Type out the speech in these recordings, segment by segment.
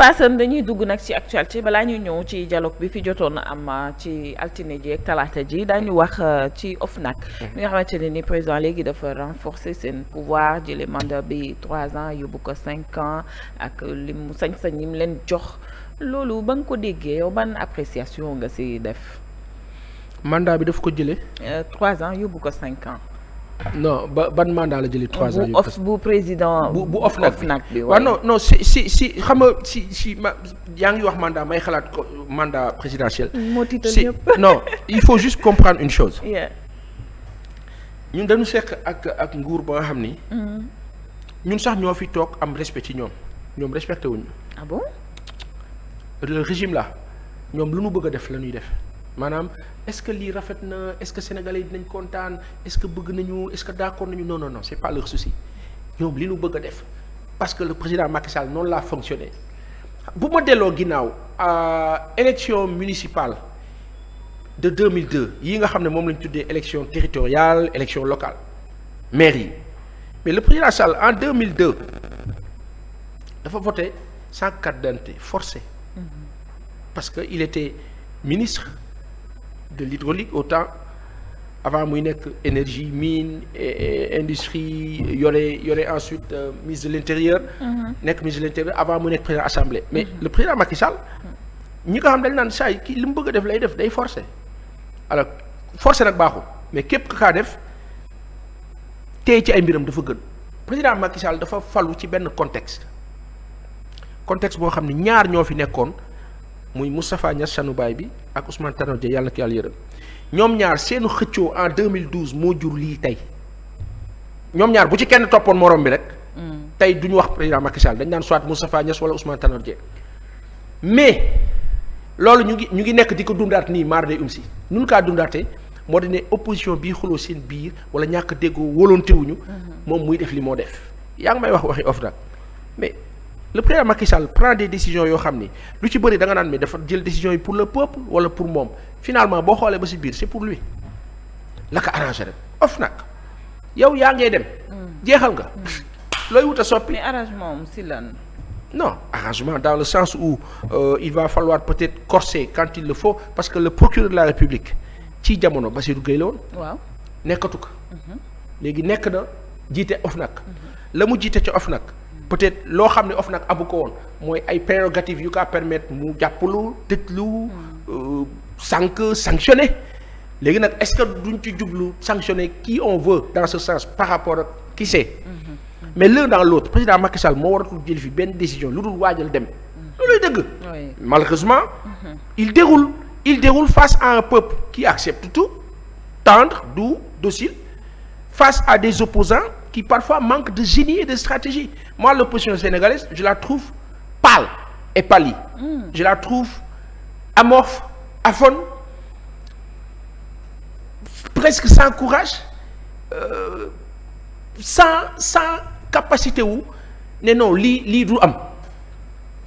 paasan dañuy dugg nag ci actualité balaa ñu ñëw ci dialogue bi fi jotoon am ah, ci altine ji ak talaata ji daañu wax ah, ci OFNAC mi mhm. nga xamante ne ni président léegi dafa renforcer seen pouvoir jële mandat bi trois ans yóbbu ko cinq ans ak limu sañ-sañ yi mu leen jox loolu ba nga ko déggee yow apréciation nga ci def mandat bi daf ko jële euh, trois ans yóbbu ko cinq ans non ba ban mandaa la jëli trois ans. bu of bu président. bu bu of nag bi waaw non non si si si xam nga si si ma yaa ngi wax mandat may xalaat ko mandat présidentiel. moo tiital ñëpp non il faut juste comprendre une chose. ñun dañu sekk ak ak nguur ba xam ni. Mm-hmm. ñun sax ñoo fi toog am respect ci ñoom ñoom respecté wuñu ah régime là ñoom lu nu bëgg a def la ñuy def. maanaam est-ce que lii rafet na est-ce que sénégalais dinañ kontaan est-ce que bëgg nañu est-ce que d'accord nañu non non non c'est pas leur souci ñoom li nu bëgg a def parce que le président Macky Sall noonu laa fonctionné bu ma delloo ginnaaw euh, élection municipale de 2002 yi nga xam ne moom lañ tuddee élection territoriale élection locale maire yi mais le président Sall en 2002 dafa voté sans carte d'identité forcé mm-hmm. parce que il était ministre de l'hydraulique au temps avant muy nekk énergie mine industrie yore yore ensuite euh, mise de l'intérieur mhm. nekk ministre de l'intérieur avant mu nekk président assemblée mais mhm. le président Macky Sall ñi ko xam dañ naan saa yi kii li mu bëgg a def lay def day forcer alors forcer nag baaxul mais képp ku kaa def tey ci ay mbiram dafa gën président Macky Sall dafa falu ci benn contexte contexte boo xam ne ñaar ñoo fi nekkoon muy Moustapha Niass Sanu Baay bi ak Ousmane Tanor yàlla na ko yàlla yërëm ñoom ñaar seenu xëccoo en 2012 moo jur lii tey ñoom ñaar bu ci kenn toppoon morom bi rek. Mm. tey du ñu wax président Macky Sall dañ naan soit Moustapha Niass wala Ousmane Tanor Dieng mais loolu ñu ngi ñu ngi nekk di ko dundaat nii maar day um si nun kaa dundaatee moo di ne opposition bii xuloo seen biir wala ñàkk déggoo wóolontewuñu mm-hmm. moom muy def li moo def yaa ngi may wax waxi off nag le président Macky Sall prend des décisions yoo xam ni lu ci bëri danga naan mais dafa jël décisions yi pour le peuple wala pour moom finalement boo xoolee ba si biir c'est pour lui la ko arrangé rek of nag yow yaa ngay dem. Hmm. jeexal nga. Hmm. looy wut a soppi mais arrangement si lan. non arrangement dans le sens où euh, il va falloir peut-être corser quand il faut parce que le procureur la République ci jamono Bassirou Guèye la woon. waaw nekkatu ko. Mhm. léegi nekk na jiite nag mhm. la mu jiite ca OFNAC peut-être loo xam ne OFNAC abu ko woon mooy ay prérogatives yu kaa permettre mu jàppalu tëjlu hmm. euh, sànq sanctionner léegi nag est-ce que duñ ci jublu sanctionner qui on veut dans ce sens par rapport ak qui c'est hmm, hmm, mais l'un dans l'autre président Macky Sall moo waratul jël fi benn décision lu dul waajal dem looluy dëgg malheureusement il déroule il déroule face à un peuple qui accepte tout tendre du docile face à des opposants qui parfois manquent de génie et de stratégie moi l'opposition sénégalaise je la trouve pâle et pâlie mm. je la trouve amorphe aphone presque sans courage euh, sans sans capacité wu ne non li lii du am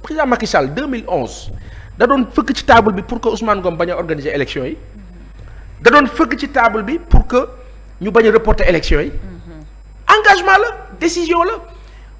président Macky Sall 2011 da doon fëkk ci table bi pour que Ousmane Ngom bañ a organiser élection yi hmm. da doon fëkk ci table bi pour que ñu bañ a reporter élection yi hmm. engagement la décision la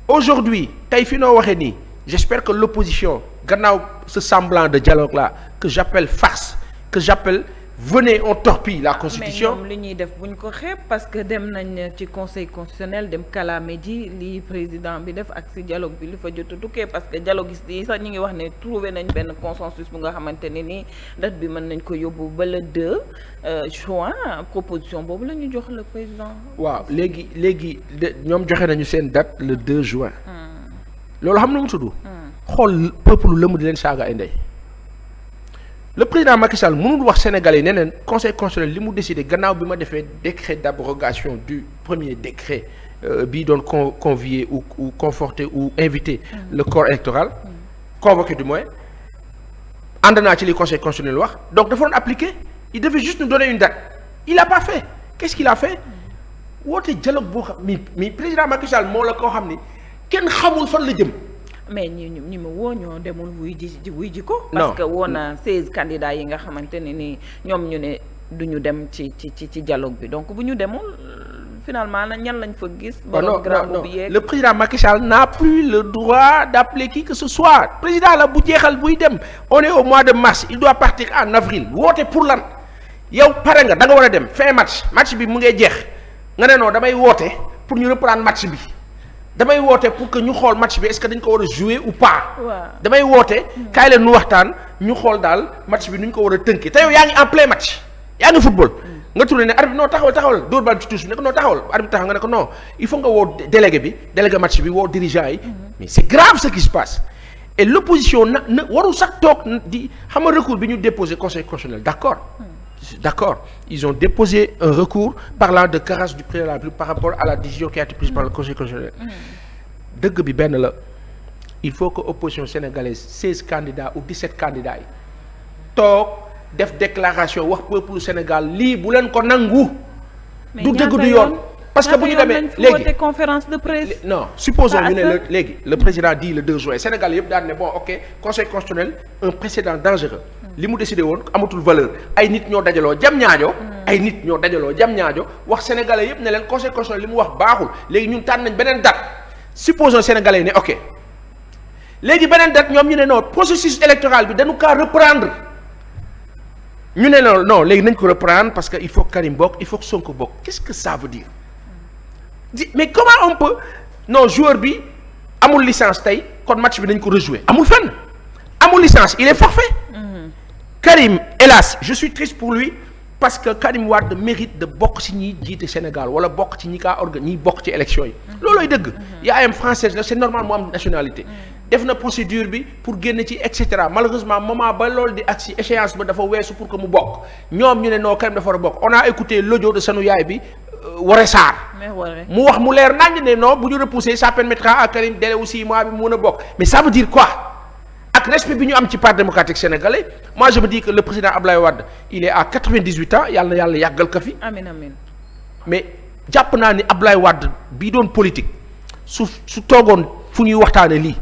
aujourd'hui tey fi noo waxee nii j'espère que l'opposition gannaaw ce semblant de dialogue la que j'appelle farce que j'appelle venez on torpille la constitution mais ñoom li ñuy def bu ñu ko xeeb parce que dem nañ ci conseil constitutionnel dem kalaame ji li président bi def ak si dialogue bi li fa jot a tukkee parce que dialoguistes yi sax ñu ngi wax ne trouvé nañ benn consensus bu nga xamante ne nii date bi mën nañ ko yóbbu ba le 2 euh, juin proposition boobu la ñu jox le président. waaw léegi léegi ñoom joxe nañu seen date le 2 juin. Hmm. loolu xam na mu tudd. Hmm. xool peuple la mu di leen saaga ay ndey. le président Macky Sall mënul wax Sénégalais yi ne leen conseil constitutionnel li mu décidé gannaaw bi ma defee décret d' abrogation du premier décret euh, bi doon con convier ou ou conforter ou inviter mm. le corps électoral convoqué du moins ànd naa ci li conseil constitutionnel wax donc dafa doon appliquer il devait juste nous donner une date il a pas fait qu'est-ce qu'il a fait mm. woote dialogue boo xam mi mais président Macky moo la koo xam ni kenn xamul fan la jëm mais ñi ñu ñi ma woo ñoo demul wuy ji ji wuy ji ko. parce que woo na seize candidats yi nga xamante ne ni ñoom ñu ne duñu dem ci ci ci ci dialogue bi donc bu ñu demul finalement na ñan lañ fa gis. ba non non le président Macky n'a plus le droit d'appeler qui que ce soit président la bu jeexal buy dem on est mois de mars il doit partir en avril woote pour lan yow pare nga danga war a dem fin match match bi mu ngay jeex nga ne non damay woote pour ñu reprendre match bi. damay woote pour que ñu xool match bi est-ce que dañ ko war a jouer ou pas. damay woote. Hmm. kaay leen nu waxtaan ñu xool daal match bi nu ñu ko war a tënkee te yow yaa ngi en plein match yaa ngi football. Hmm. nga tourné ne arbitre non taxawal taxawal dóor bal ci touche bi ne ko non taxawal arbitre taxaw nga ne ko non il faut nga woo délégué bi délégué match bi woo dirigeant yi. Hmm. c'est grave ce qui se passe. et l'opposition na na warul sax toog di xam nga bi ñu déposé conseil constitutionnel d'accord. d'accord ils ont déposé un recours parlant de carence du préalable par rapport à la décision qui a été prise par le conseil constitutionnel mm. dëgg bi benn la il faut que opposition sénégalaise seize candidats ou dix-sept candidats yi toog def déclaration wax peuple Sénégal lii bu leen ko nangu du dëgg du yoon parce que bu ñu demee léegi conférence de presse non ne léegi le président dit le 2 juin Sénégal yëpp daan ne bon ok conseil constitutionnel un précédent dangereux li mu décidé woon amatul valeur ay nit ñoo dajaloo jam ñaajo ay nit ñoo dajaloo jam ñaajo wax sénégalais yépp ne leen conseil li mu wax baaxul léegi ñun tànn nañ beneen date supposons sénégalais yi ne ok léegi beneen date ñoom ñu ne non processus électoral bi dañu kaa reprendre ñu ne non non léegi nañ ko reprendre parce que il faut que Karim bokk il faut que Sonko bokk qu'est-ce que ça veut dire di mais comment on peut non joueur bi amul licence tey kon match bi nañ ko rejouer amul fenn amul licence il Karim hélas je suis triste pour lui parce que Karim Wade mérite de bokk ci ñi jiite Sénégal wala bokk ci ñi kaa organ ñi bokk ci élection yi. Mm-hmm. loolu ay dëgg. Mm-hmm. yaayam française la c'est normal mu am nationalité. Mm-hmm. def na procédure bi pour génn ci et cetera malheureusement moment ba lool di agsi échéance ba dafa weesu pour que mu bokk ñoom ñu ne non Karim dafa war a bokk on a écouté l'audio de sanu yaay bi euh, Woré Sarr. mu wax mu leer nañu ne non bu ñu repoussé ça permettra à Karim a bokk mais ça veut dire ak respect bi ñu am ci parti démocratique sénégalais moi je me dis que le président Ablaye Wade il est à quatre-vingt-dix-huit ans yàlla yàlla yàggal ko fi. amiin amiin mais jàpp naa ni Ablaye Wade bii doon politique su su toogoon fu ñuy waxtaanee lii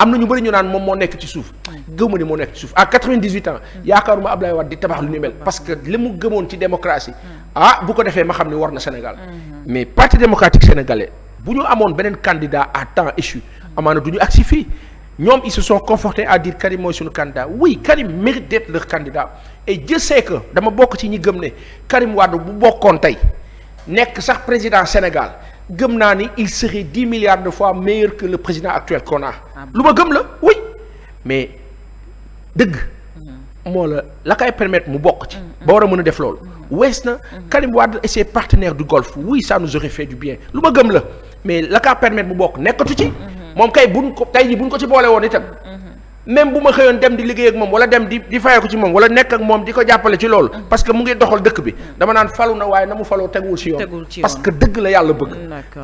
am na ñu bëri ñu naan moom moo nekk ci suuf. gëmuma ni moo nekk ci suuf à quatre-vingt-dix-huit ans. Mm. yaakaaruma Ablaye Wade di tabax lu ni mel. parce li mu gëmoon ci démocratie. Mm. ah bu ko defee ma xam ne war na Sénégal. Mm-hmm. mais parti démocratique sénégalais bu ñu amoon beneen candidat à temps échu. Mm. amaana du ñu agsi fii. ñoom ils soo sont confortés à dire Karim mooy suñu candidat oui Karim mérite d'être leur candidat et je sais dama bokk ci ñi gëm ne Karim Wade bu bokkoon tey nekk sax président Sénégal gëm naa ni il serait dix milliards de fois meilleur que le président actuel qu'on a ah lu ma gëm la oui mais dëgg mm. moo la la koy mu bokk ci mm, mm. ba war a mën a def loolu wees na Karim Wade et ses partenaires du Golfe oui ça nu aurait fait du bien lu ma gëm la mais lakaa kaa mu bokk nekkatu ci moom kay buñ ko tey jii buñ ko ci boole woon itam. Mm-hmm. même bu ma xëyoon dem di liggéey ak moom wala dem di di fayeeku ci moom wala nekk ak moom di ko jàppale ci loolu. Mm-hmm. parce que mu ngi doxal dëkk bi. Mm-hmm. dama naan falu na waaye na mu faloo teguwul ci yoon. parce dëgg la yàlla bëgg.